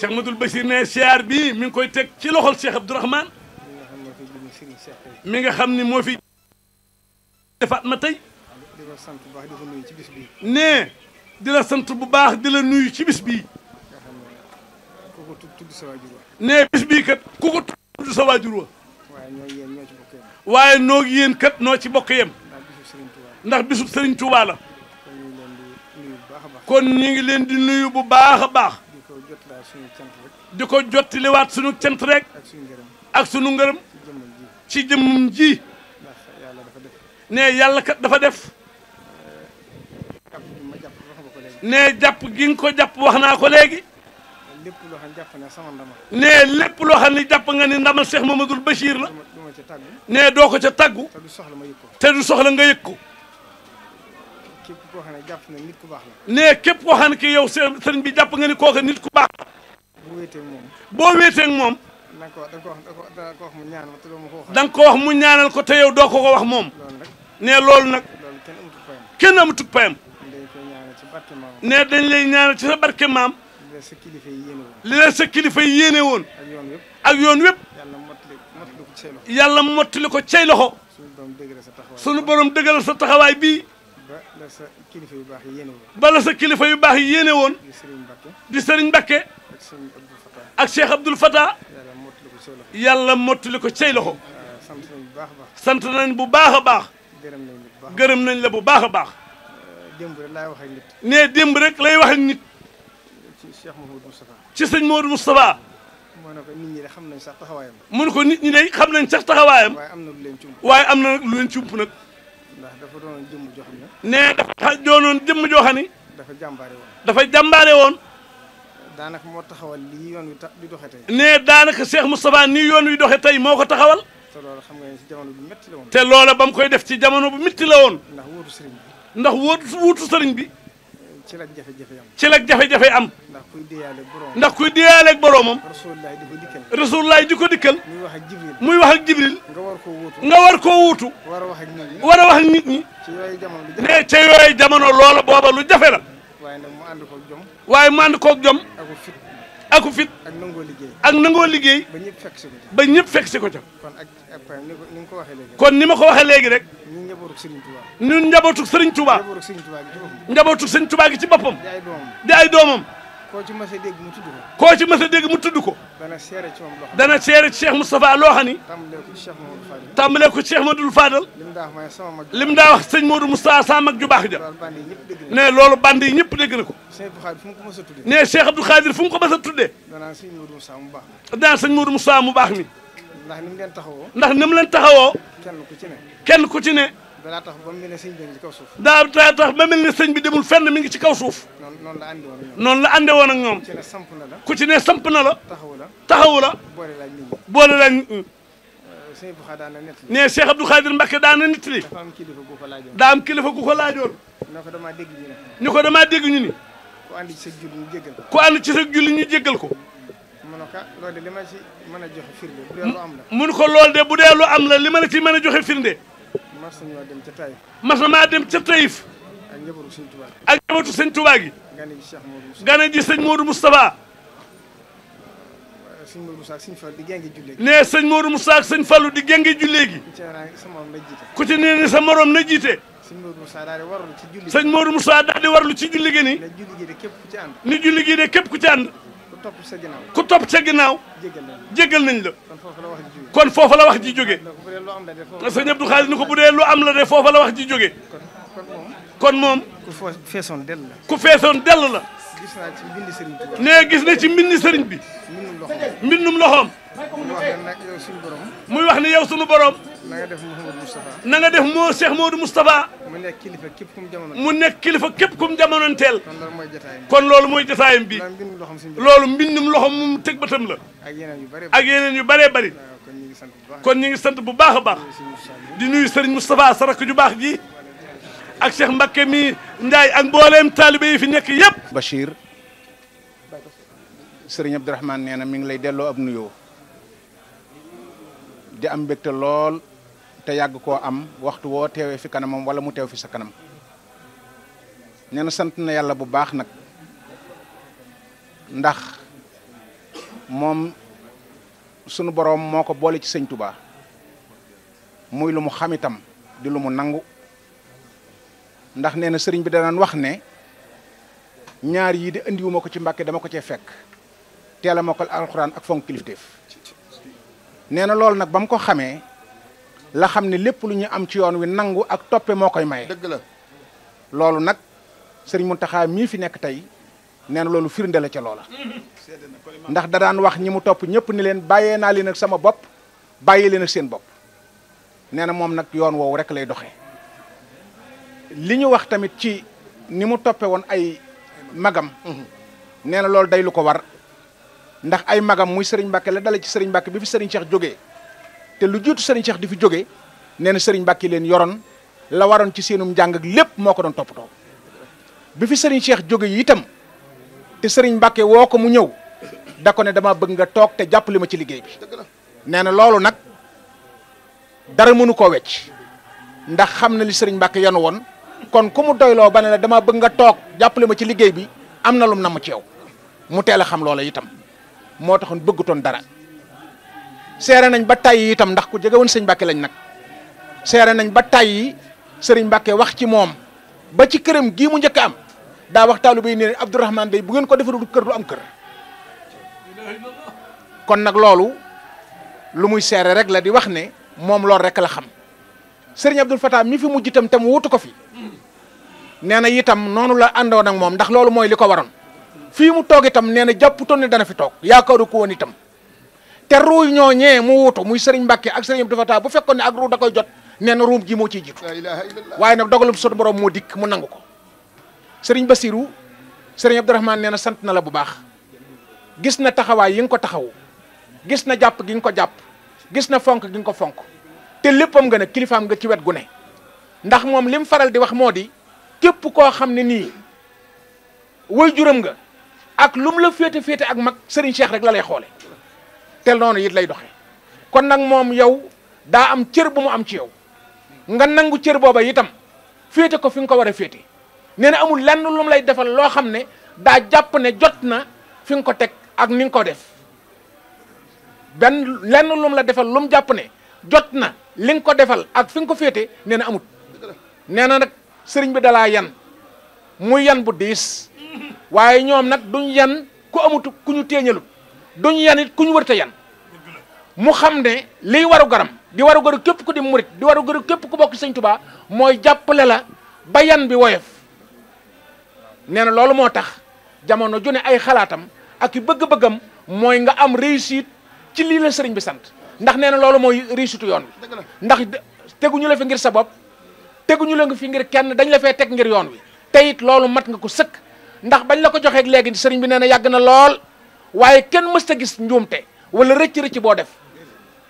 Cheikh Madul Bachir ne siyaar bii mi ngi koy teg ci loxol Cheikh Abdourahman mi nga xam ni moo fi defaat ma tey ne di la sant bu baax di la nuyu ci bis bii ne bis bii kat ku ko tudd sa waajur wa waaye noo gi kat noo ci bokk yem ndax bisub Sëriñ Tuubaa la kon ñu ngi leen di nuyu bu baax a baax di ko jottaliwaat suñu cant rek. ak suñu ngërëm. ci jëmmum ji. ne yàlla kat dafa def. Eh, ne jàpp gi nga ko jàpp wax naa ko léegi. ne lepp loo xam ne jàpp nga ni ndamal Cheikh Mamadou Bachir la. nee doo ko ca tàggu. te du soxla nga yëg ko. képp koo xam ne képp koo xam ki yow sëriñ bi jàpp nga ni kooka nit ku baax boo wéeteeg moom. boo da nga ko da nga ko wax mu ñaanal ko da nga ko wax mu ñaanal ko te yow doo ko ko wax moom. nee loolu nag. kenn amatul payam. nee dañ lay ñaanal ci sa barke maam. li la sa kilifa yi yéene woon. li la sa kilifa yi yéene woon. ak yoon wépp. ak yoon wépp. ko cey loxo. yàlla mottali ko cey sa taxawaay bii. ba la sa kilifa yu baax yi yéene woon. ba sa kilifa yu baax yi yéene woon. di Serigne Mbakke. di Serigne Mbakke. ak Serigne Abdoul Fattah. ak Cheikh Abdoul Fattah. yàlla mottali ko cay loxo. yàlla mottali ko cay loxo. sant nañ bu baax a baax. sant nañ bu baax a baax. gërëm nañ la bu baax nañ la bu baax a baax. Euh, démb rek laay wax nit. nee démb rek lay wax ak nit. ci Cheikh Mouhamadou Moustapha. ci sëñ Mouhamadou Moustapha. mu ne ko nit ñi de xam nañ sax taxawaayam. mu ne ko nit ñi de xam nañ sax taxawaayam. waaye am na lu leen cump. waaye am na lu leen cump nag. dafa doonoon jëmm joo xam nee dafa doonoon jëmm joo xam ni. dafa jàmbaare dafa jàmbaare woon. daanaka moo taxawal lii yoon wi ta di doxee tey. nee daanaka Cheikh Moustapha nii yoon wi doxee tey moo ko taxawal. te loola xam nga ne ci bu métti la woon. te loola ba mu koy def ci jamono bu métti la woon. ndax wóotu sëriñ bi. ndax wóotu wóotu sëriñ bi. ci la jafe-jafe am ci la jafe-jafe am. ndax kuy deeyaaleeg boroomam ndax kuy deeyaaleeg boroomam. rasulilah di ko dikkal rasulilah di ko dikkal. muy wax ak jibril muy wax ak jibril. nga war koo wuutu nga war koo wuutu. war a wax ak nit ñi wax ak nit ñi. ci yooyu jamono lu jafe ca yooyu jamono loola booba lu jafe la. waaye nag mu ànd jom. waaye mu ànd jom. ak fit. aku fit ak nangoo liggéey ak nangoo liggéey ba ñëpp fekk ko ca ba ñëpp fekk si ko kon ni ko waxee léegi kon ni ma ko waxee léegi rek ñun njabootu Serigne Touba ñun njabootu Serigne Touba njabootu Serigne Touba gi ci boppam di ay doomam koo ci mës a dégg mu tudd koo ci mës a ko dana seere ci moom loo xam dana seere ci Cheikh Moustapha loo xam ni. tàmbalee ko ci Cheikh Modou Fadal. tàmbalee ko ci Cheikh Modou Fadal. lim daa wax sama mag. lim daa wax sëñ Modou Moustapha sama mag ju baax ja. ne loolu band yi ñëpp ko. ne Cheikh Abdou Khadir fu mu sa mës a tuddee. mu baax mi. danaa sëñ Modou Moustapha mu baax mi. ni taxawoo. ndax ni mu ci kenn ku ci ne. daa tax ba mel ne sëñ bi ci kaw suuf. daa tax ba mel ne sëñ bi demul fenn mi ngi ci kaw suuf. noonu la ande woon ak ñoom. noonu ku ci ne samp na la. ku ci ne na la. taxawu la taxawu la. boole la nit ñi boole la nit ñi. Euh, ne Cheikh Abdou Khadir Mbacke daana nit li. dafa am kilifa gu ko laajoon. daa am kilifa gu ko laajoon. ñu ko damaa dégg ñu ñu ko damaa dégg ñu ni. ku ànd ci sa julli ñu ko. ku ànd ci sa julli ñu jéggal ko. mun ko ah, loolu de li ma ci a joxe firnde bu dee lu am la. mun ko loolu bu dee lu am la li ma la ci mën a joxe firnde mas nañoo dem ca Taïf. mas namaa dem ca Taïf. ak njabootu sëñ Touba gi. ak njabootu sëñ Touba gi. gane ji Cheikh Modou Moustapha gane ji sëñ Modou Moustapha. sëñ Modou Moustapha ak sëñ Fallou di génge jullee gi. nee sëñ Modou Moustapha ak sëñ Fallou di génge jullee gi. ku ci nee ni sa morom na jiite. sëñ Modou Moustapha daal di warlu ci julli. sëñ Modou Moustapha daal di warlu ci julli gi ni. ni julli gi de képp ku ci ànd. topp sa ginnaaw ku topp sa ginnaaw. jéggal nañ la kon foofa la wax ji jóge sëñ Abdou Khadre ni ko bu dee lu am la de foofa la wax ji jóge kon moom. ku feesoon dell la. ku feesoon dell la. gis naa ci mbind sëriñ bi. nee gis na ci mbind sëriñ bi. mbindum loxoom. muy wax ne yow sunu borom. na nga def Mouhamadou Moustapha. na nga def moo Cheikh Modou Moustapha. mu nekk kilifa képp kum jamono. mu nekk kilifa képp kum jamonoonteel. kon loolu mooy jotaayam bi kon loolu mooy jotaayam bi. loolu mbindum loxoom mu teg bëtam la. ak yeneen yu bëri ak yeneen yu bëree bëri. kon ñu ngi sant bu baax a baax. di nuyu Serigne Moustapha Sarak ju baax ji. ak Cheikh Mbacke mi Ndiaye ak mbooleem taalibe yi fi nekk yëpp. Bachir. sëriñ Abdourahmane nee na mi ngi lay delloo ab nuyoo di am mbégte lool te yàgg koo am waxtu woo teewee fi kanamam wala mu teew fi sa kanam nee sant na yàlla bu baax nag ndax moom sunu boroom moo ko boole ci sëñ Touba muy lu mu xam itam di lu mu nangu ndax nee na sëriñ bi danaan wax ne ñaar yii di indiwuma ko ci Mbàkke dama ko cee fekk teel a mokkal alxuraan ak fonk kilifteef nee na loolu nag ba mu ko xamee la xam ne lépp lu ñu am ci yoon wi nangu ak toppe moo koy maye. dëgg loolu nag sëriñ Mountakha mii fi nekk tey nee na loolu firnde la ca loola. ndax da daan wax ñi mu topp ñëpp ni leen bàyyee naa leen ak sama bopp bàyyi leen seen bopp nee na moom nag yoon woowu rek lay doxee li ñu wax tamit ci ni mu toppe woon ay magam. Mhm. nee loolu day lu ko war. ndax ay magam muy sëriñ Mbàkke la dale ci sëriñ Mbàkke bi fi sëriñ Cheikh jógee te lu jiitu sëriñ Cheikh di fi jóge nee na sëriñ Mbàkke leen yoroon la waroon ci seenum njàng lépp moo ko doon toppatoo bi fi sëriñ Cheikh jóge yi itam te sëriñ Mbàkke woo ko mu ñëw da ko ne dama bëgg nga toog te jàppale ma ci liggéey bi nee na loolu nag dara mënu koo wecc ndax xam na li sëriñ Mbàkke yanu woon kon ku mu doyloo ba ne la dama bëgg nga toog jàppale ma ci liggéey bi am na lum namm ci yow mu teel a xam loola itam moo taxoon bëggutoon dara seere nañ ba tàyyi yitam ndax ku jege woon sëñ Mbàkke lañ nag seere nañ ba tàyyi sëriñ Mbàkke wax ci moom ba ci këram gii mu njëkk am daa wax taalu bay ne Abdourahmane day bu ngeen ko defarul kër du am kër kon nag loolu lu muy seere rek la di wax ne moom loolu rek la xam sëriñ Abdul Fatah mi fi mujj itam te mu wutu ko fi nee na itam noonu la àndoon ak moom ndax loolu mooy li ko waroon fii mu toog itam nee na jàpputoon ne dana fi toog yaakaaru ko woon itam te ruu ñooñee mu wuutu muy sëriñ Mbàkke ak sëriñ dafa Fatah bu fekkoon ne ak ruu da koy jot nee na ruum gi moo ciy jiitu waaye nag dogalum sot borom moo dikk mu nangu ko sëriñ Basiru sëriñ Abdourahmane nee na sant na la bu baax gis na taxawaay yi nga ko taxaw gis na jàpp gi nga ko jàpp gis na fonk gi nga ko fonk te léppam nga ne kilifaam nga ci wet gu ne ndax moom li faral di wax moo di képp koo xam ne nii way nga ak lum la féete féete ak mag Serigne Cheikh rek la lay xoole te noonu it lay doxe kon nag moom yow daa am cër bu mu am ci yow nga nangu cër booba itam féete ko fi nga ko war a féete nee na amul lenn lum lay defal loo xam ne daa jàpp ne jot na fi nga ko teg ak ni nga ko def benn lenn lum la defal lum jàpp ne jot na li nga ko defal ak fi nga ko féete nee amut nee na nag sëriñ bi dalaa yan muy yan bu diis waaye ñoom nag duñ yan ku amut ku ñu téeñalut duñ yan it ku ñu wërta yan mu xam ne liy waru garam di waru garu képp ku di murit di waru garu képp ku bokk sëñ Tuubaa mooy jàppale la ba yan bi woyof nee na loolu moo tax jamono ju ne ay xalaatam ak i bëgg-bëggam mooy nga am réussite ci lii sëriñ bi sant ndax nee na loolu mooy réussite yoon wi ndax teguñu la fi ngir sa bopp teguñu la fi ngir kenn dañ la fee teg ngir yoon wi te it loolu mat nga ko sëkk ndax bañ la ko joxeeg léegi sëriñ bi nee na yàgg na lool waaye kenn mësta gis njuumte wala rëcc-rëcc boo def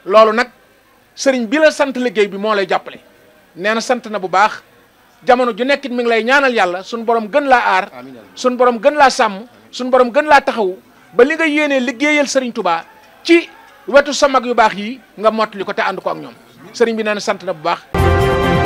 loolu nag sëriñ bi la sant liggéey bi moo lay jàppale nee na sant na bu baax jamono ju nekkit mi ngi lay ñaanal yàlla suñ borom gën laa aar suñ borom gën laa sàmm suñ borom gën laa taxawu ba li nga yéenee liggéeyal sëriñ tubaa ci wetu sa mag yu baax yi nga mottali ko te ànd ko ak ñoom sëriñ bi nee na sant na bu baax